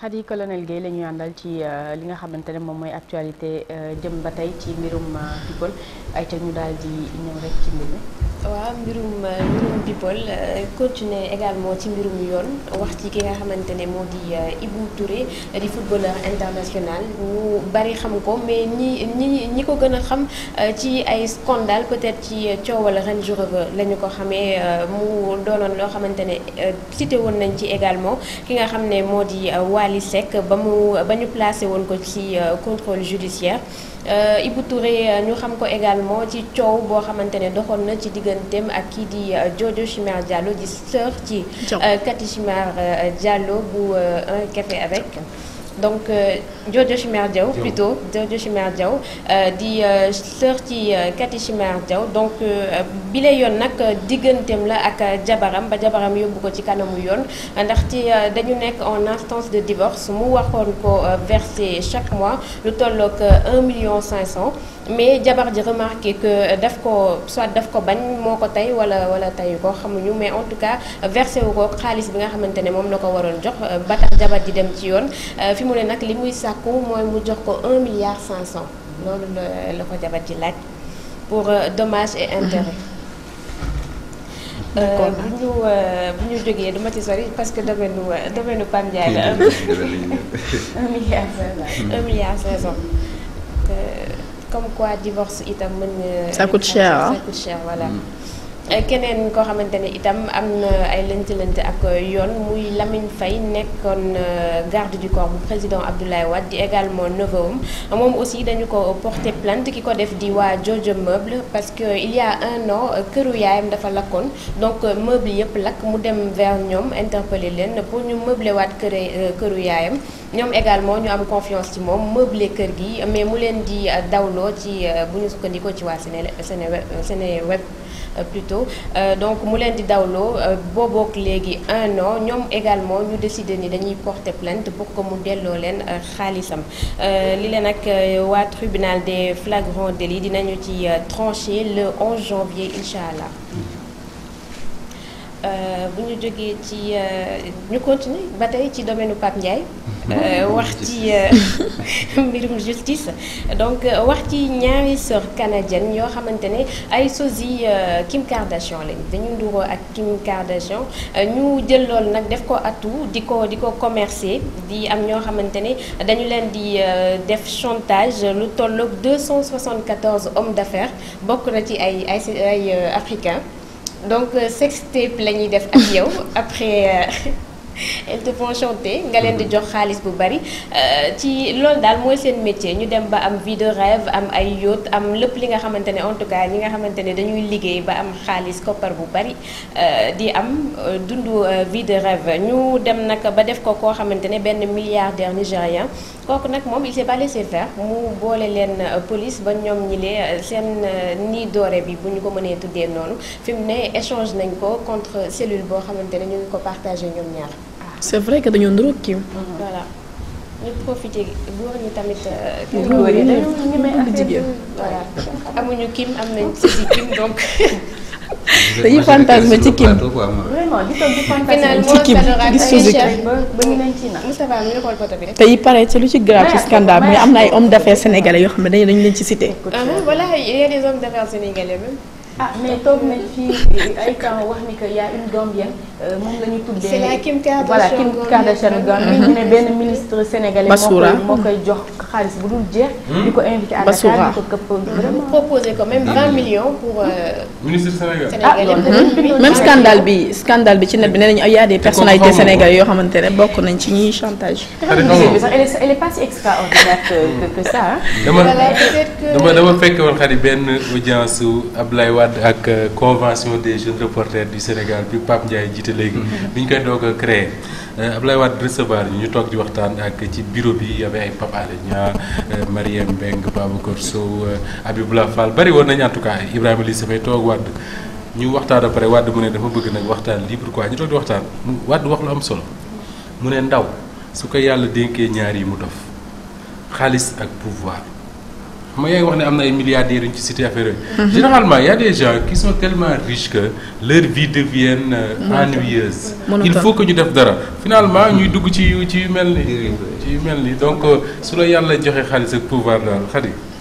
Khady colonel Guèye la ñuy àndal ci euh, li nga xamante ne moom mooy actualité euh, jëm ba tey ci mbirum people euh, ay ca ñu daal di ñëw ci mbir waaw mbirum euh, mbirum people euh, continuer également ci mbirum yoon wax ci ki nga xamante ne moo di euh, Ibou Touré di footballeur international ñu bari xam ko mais ñi ñi ñi ko gën a xam ci ay scandale peut-être ci coowal Ren je rêve la ñu ko xamee mu doonoon loo xamante ne cité woon nañ ci également ki nga xam ne moo di Wally Seck ba mu ba ñu placé woon ko ci contrôle judiciaire Euh, Ibou Touré euh, ñu xam ko également ci coow boo xamante ne doxoon na ci digganteem ak kii di Jojo euh, Chimère Diallo di sœur ci Katy Chimère Diallo bu un café avec donc Diodio euh, Chimère Diaw plutôt Diodio Chimère Diaw euh, di euh, sœur ci Kati Chimère Diaw donc bi yoon nag digganteem la ak jabaram ba jabaram yóbbu ko ci kanamu yoon ndax ci dañu nekk en instance de divorce mu waxoon ko verser chaque mois lu tollook 1 million 500 mais jabar ji remarqué que daf ko soit daf ko bañ moo ko tey wala wala teyu ko xamuñu mais en tout cas versé wu ko xaalis bi nga xamante ne moom la ko waroon jox ba tax jabar ji dem ci yoon mu ne nag li muy sàkku mooy mu jox ko un milliard cinq cent loolu la la ko jabar ji laaj pour euh, dommages et intérêts euh, bu ñu euh, bu jógee duma ma ci sori parce que domaine nu domaine nu Pam Ndiaye la. un milliard hmm. comme quoi divorce itam mën na. cher ça keneen koo xamante ne itam am na ay lënti-lënti ak yoon muy lamiñ Faye nekkoon garde du corps bu président Abdoulaye Wade di également neveu am moom aussi dañu ko porté plainte ki ko def di waa Jojo Meuble parce que il y a un an këru yaayam dafa lakkoon donc meuble yëpp lakk mu dem vers ñoom interpellé leen pour ñu meublé waat kër këru yaayam ñoom également ñu am confiance ci moom meublé kër gi mais mu leen di dawloo ci bu ñu sukkandikoo ci waa Séné Séné Web Euh, plutôt euh, donc mu leen di dawloo euh, boobook léegi un an ñoom également ñu décidé ni dañuy porter plainte pour ko mu delloo leen xaalisam li leen nag waa tribunal de flagrants délits dinañu ci trancher le 11 janvier incha allah. bu ñu jógee ci ñu continuer ba tey ci domaine Pape Ndiaye. Eh, wax ci eh, mbirum justice donc eh, wax ci ñaari sœur canadienne yoo xamante ne ay sosie Kim Kardashian lañ dañu nduroo ak Kim Kardashian ñu jël loolu nag def ko atout di ko di ko commercer di am ñoo xamante ne dañu leen di def chantage lu tolloog 274 hommes d'affaires bokk na ci ay ay ay donc sextape la ñuy def ak yow après. elles te font nga leen di jox xaalis bu bari euh, ci lool daal mooy seen métier ñu dem ba am vie de am ay yacht am lépp li nga xamante ne en tout cas ñi nga xamante ne dañuy liggéey ba am xaalis koppar bu bari euh, di am euh, dundu vie de rêve ñu dem nag ba def ko koo xamante ne benn milliardaire nigérien kooku nag moom il s'est pas mu boole leen police ba ñoom ñi lee seen nii dooree bi bu ñu ko mënee tuddee noonu fi ne échange nañ ko contre cellule boo xamante ne ñu ngi ko partagé ñoom ñaar c'est vrai que dañoo niróo kii. voilà ñu profité góor tamit. Euh, góor jigéen voilà amuñu kim am nañ si donc. dañuy fantasme ci kim vraiment ci kim gis suñu kim te yi pare ci lu ci grave ci scandale mooy am na ay hommes d'affaires sénégalais yoo xam ne dañ leen ci cité. voilà il a des ah mais toog nañ fi ay temps wax a une Gambienne euh, moom la ñu tuddee. c'est la Kim mm-hmm. bu hmm? ko invité à Dakar di ko këpp. Hmm. Euh, hmm? ah, scandale bi scandale bi ci net bi nee nañu ah, y' a des personnalités sénégalais yoo xamante bokk nañ ci ñuy chantage. bi sax elle est pas si extraordinaire que que ça. dama dama fekk woon xarit benn audience su Abdoulaye Wade Wade ak euh, convention des jeunes reporters du Sénégal bi Pape Ndiaye jiite léegi. Mm-hmm. bi ñu koy doog a créé euh, Ablaye Wade recevoir yi ñu toog di waxtaan ak ci bureau bi y avait ay Pape Alé Niang euh, Mariem Mbeng Babacar Sow Abibula Fall bari woon nañu en tout cas Ibrahima Ly Safay toog Wade ñu waxtaan ba pare Wade mu ne dafa bëgg nag waxtaan libre quoi ñu toog di waxtaan Wade wax lu am solo mu ne ndaw su ko yàlla dénkee ñaar yi mu dof xaalis ak pouvoir. ma yaa wax ne am na ay milliardaires yuñ ci cité affaire yooyu. Mhm. généralement y a des gens qui sont tellement riches que leur vie devient euh, ennuyeuse. il faut que ñu def dara finalement mhm. ñuy dugg ci yu ci yu mel ni. ci yu mel ni donc euh, su la yàlla joxe xaalis ak pouvoir daal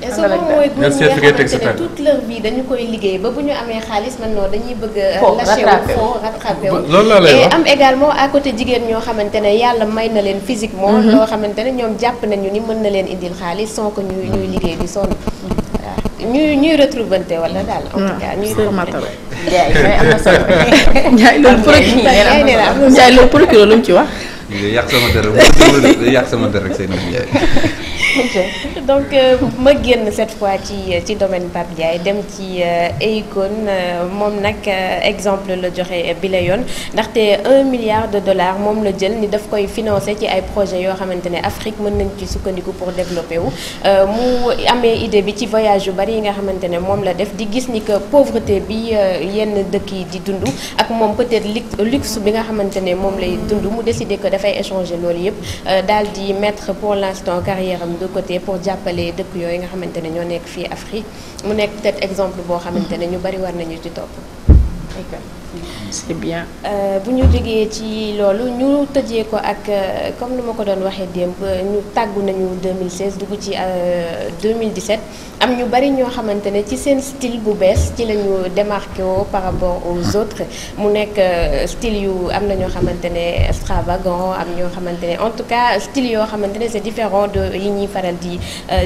et ce moment mooy góor ñi nga xamante ne toute leur vie dañu koy liggéey ba bu ñu amee xaalis man non dañuy bëgg a lâché wu foo rattrapé wu loolu laa lay wax am également à côté jigéen ñoo xamante ne yàlla may na leen moom mm-hmm. loo xamante ne ñoom jàpp nañu ni mën na leen indil xaalis soo ko ñuy ñuy liggéey di sonn ñuy ñuy retrouvanté wala daal. en tout cas ñuy mm. matal. Ndiaye am na solo. Ndiaye loolu procureur ci wax. day sama der rek day yàq sama der donc euh, ma génn cette fois ci euh, ci domaine Pape Ndiaye dem ci euh, Akon moom nag exemple la joxe bi la yoon ndaxte un milliard de dollars moom la jël ni daf koy financer ci ay projets yoo xamante ne Afrique mën nañ ci sukkandiku pour développer wu. mu amee idée bi ci voyage yu bari yi nga xamante ne moom la def di gis ni que pauvreté bi yenn dëkk yi di dund ak moom peut-être luxe bi nga xamante ne moom lay dund mu décider que dafay échanger loolu yëpp euh, daal di mettre pour l'instant carrière am de côté pour jàppalee dëkk yooyu nga xamante ne ñoo nekk fii Afrique mu nekk peut exemple boo xamante ne ñu bari war nañu ci topp c'est bien. Euh, bu ñu jógee ci loolu ñu tëjee ko ak euh, comme nu ma ko doon waxee démb ñu tàggu nañu 2016 dugg ci 2017 euh, am ñu bari ñoo xamante ne ci seen style bu bees ci lañu ñu démarqué woo par rapport aux autres mu nekk style yu am na ñoo xamante ne extravagant am ñoo xamante ne en tout cas style yoo xamante ne c'est différent de yi ñuy faral di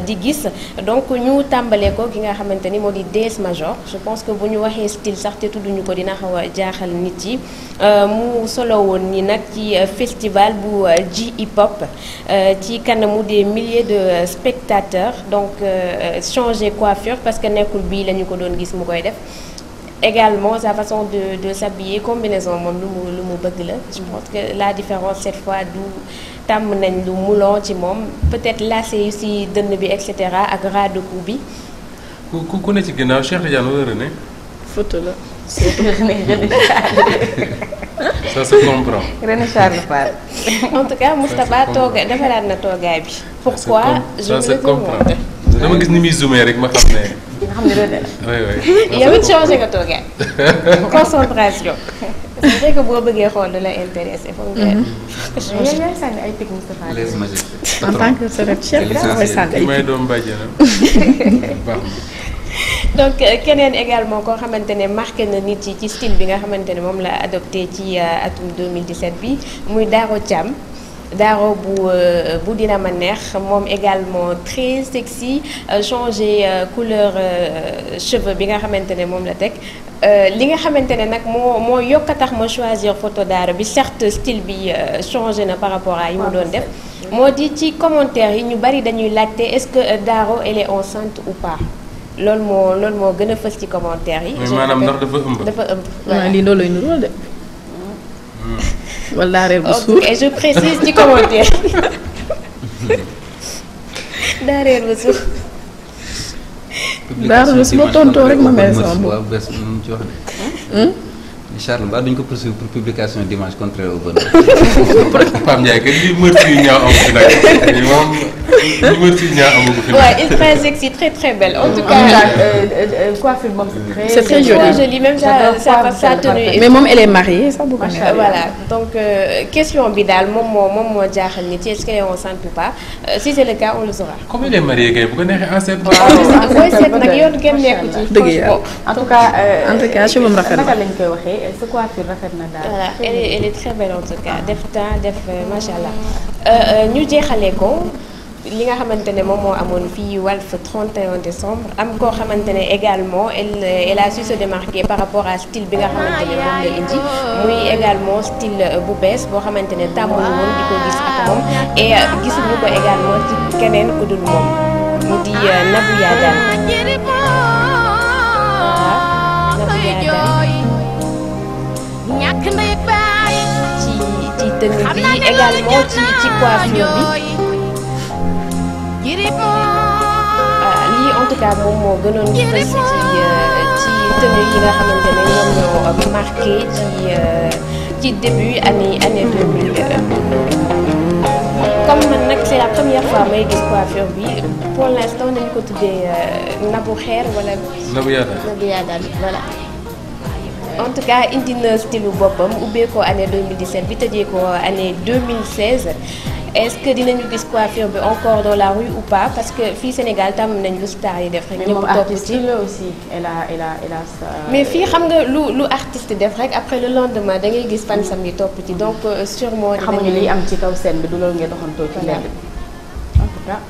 di gis donc ñu tàmbalee ko ki nga xamante ni moo di DS Major je pense que bu ñu waxee style sax te tudduñu ko dina xawa jaaxal nit yi euh, mu solo woon ni nag ci euh, festival bu euh, ji hip hop ci kanamu des milliers de spectateurs donc changer coiffure parce que nekkul bii lañu ko doon gis mu koy def également sa façon de de s'habiller combinaison moom lu mu lu mu bëgg la je mm-hmm. pense que la différence cette fois du tàmm nañ lu moulant ci moom peut-être lacet yu si dënn bi et cetera ak ras de bi ku ku ne ci ginnaaw Cheikh Tidiane wala René photo la. ça se comprend. René Charles Fall. en tout cas Moustapha tooga defaraat na toogaay bi. pourquoi je me comprends dama gis ni muy zoomé rek ma xam ne. nga xam ne loolu la. nga toogaay. concentration. c'est vrai que boo bëggee xool da la intéressé foog nga. Mhm. yaay sànni ay pic Moustapha. en tant que doom bàjjenam ah. baax donc euh, keneen également koo xamante ne marqué na nit yi ci style bi nga xamante ne moom la adopté ci euh, atum 2017 bi muy Daro Thiam daaro bu euh, bu dina ma neex moom également très sexy changé couleur cheveux bi nga xamante ne moom la teg li nga xamante ne nag moo moo yokk a tax ma choisir photo Daro bi certes style bi changé na par rapport à yi mu doon def moo di ci commentaire yi ñu bari dañuy laajte est-ce que daaro elle est enceinte ou pas lool moo loolu moo gën a fës ci commentaire yi. je maanaam ndax dafa ëmb. dafa ëmb waaw lii loolu lay niróo de. Hmm. wala daa reer suur ok je précise ci tontoo rek ma may sama bopp. Charles Ba duñ ko poursuivre pour publication d'images contraires au bonheur. Pam Ndiaye kat lii meurtre yu ñaaw amu fi nag lii moom lii meurtre yu ñaaw amu fi. waaw il paraît que c'est très très belle en tout cas. coiffure ah, euh, euh, euh, moom c'est très joli très joli même ça ça tenue. mais moom elle est mariée sax bu ko voilà donc question bi daal moom moo moom moo jaaxal nit yi est-ce que on s'en peut pas si c'est le cas on le saura. comme elle est mariée kay bu ko neexee enceinte. waaw booy seet nag yoon kenn nekku ci. dëgg yàlla en tout cas en tout cas cheveux rafet na naka lañ koy waxee. sa coiffure rafet na daal. voilà elle est très belle en tout cas ah. def temps def euh, macha allah euh, euh, ñu jeexalee ko. li nga xamante ne moom moo amoon fii Walf 31 décembre am koo xamante ne également elle elle a su se démarquer par rapport à style bi nga xamante ne moom la ah, indi muy également style bu bees boo xamante ne tàmmuñu woon di ko gis ak moom ah, et gisuñu ko également ci keneen ku dul moom mu di Nabou Yada tenue bi également ci ci coiffure bi lii en tout cas moom moo gënoon ñu fës ci euh, ci tenue yi nga xamante ne ñoom ñoo euh, marqué ci euh, ci début année année 2000 comme man nag c'est la première fois may gis coiffure bi pour l'instant nañu ko tuddee Nabou Xeer wala. Nabou Yada Nabou Yada voilà. en tout cas indi na style boppam ubbeekoo année 2017 bi tëjee ko année 2016 est-ce que dinañu gis coiffure bi encore dans la rue ou pas parce que fii Sénégal tàmm nañ lu star yi def rek. ñëpp topp ci aussi elle a elle a mais fii xam nga lu lu artiste def rek après le lendemain da ngay gis fan sam yi topp ci donc euh, sûrement. dinañu ñu liy am ci kaw scène bi du loolu ngeen doxantoo ci. en tout cas.